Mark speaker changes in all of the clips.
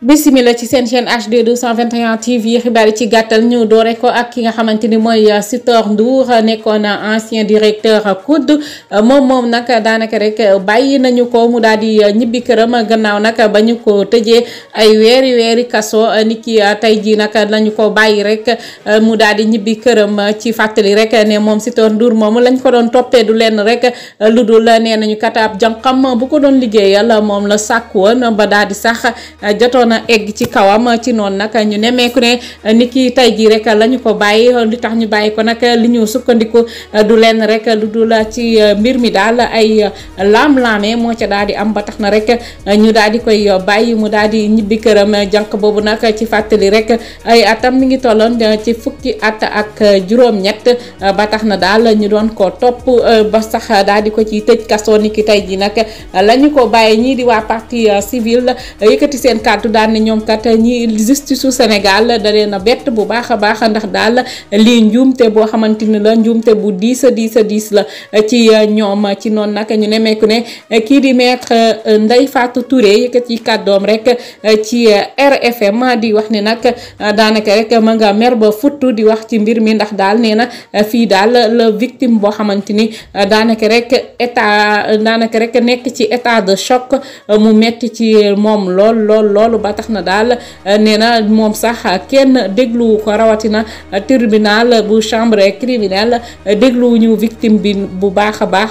Speaker 1: bismillah ci sen chaîne HD 221 TV xibaar ci gatal ñu doore ko ak ki nga xamanteni moy euh, Sitor Ndour euh, nekkoon ancien directeur COUD mom nak nag daanaka rek euh, bayyi nañu ko mu daldi di ñibbi këram gannaaw nak bañu ko tëjee ay weeri weeri kaso niki tay ji nak lañu ko bayyi rek mu daldi di ñibbi këram ci fatali rek ne mom Sitor Ndour mom lañ ko doon topé du lenn rek lu dul nee nañu kat bu ko doon liggéeyal mom la sakku na ba daldi sax jotoon waroon a egg ci kawam ci noonu nag ñu nemmeeku ne ni ki tey jii rek lañu ko bàyyi li tax ñu bàyyi ko nag li ñu sukkandiku du lenn rek lu dul ci mbir mi daal ay laam-laame moo ca daldi am ba tax na rek ñu daal di koy bàyyi mu daal di ñibbi këram jànq boobu nag ci fàttali rek ay atam mi ngi tolloon ci fukki at ak juróom-ñett ba tax na daal ñu doon ko topp ba sax daal di ko ci tëj kaso ni ki tey jii nag ko bàyyi ñii di waa partie civile yëkkati seen kàddu. daan ni ñoom kat ñi justice su Sénégal da leen a bett bu baax a baax ndax daal lii njuumte boo xamante ni la njuumte bu diis a diis a diis la ci ñoom ci noonu nag ñu nemmeeku ne kii di maître Ndeye Fatou Touré yëkkati kàddoom rek ci RFM di wax ne nag daanaka rek ma nga mer ba futtu di wax ci mbir mi ndax daal nee na fii daal la victime boo xamante ni daanaka rek état daanaka rek nekk ci état de choc mu metti ci moom lool lool loolu ba ba tax na daal euh, nee na moom sax kenn dégluwu ko rawatina tribunal bu chambre criminelle dégluwuñu victim bi bu baax a baax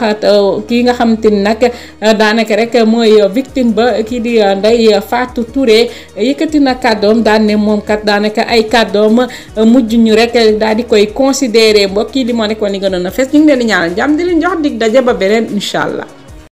Speaker 1: kii nga xam te ni nag euh, daanaka rek mooy victime ba kii di euh, Ndeye Fatou Touré yëkkati na kàddoom daan ne moom kat daanaka ay kàddoom mujj ñu rek daal di koy considéré mbokk yi li moo nekkoon li gënoon a fees ñu ngi leen di ñaanal jàmm di leen jox dig daje ba beneen incha allah.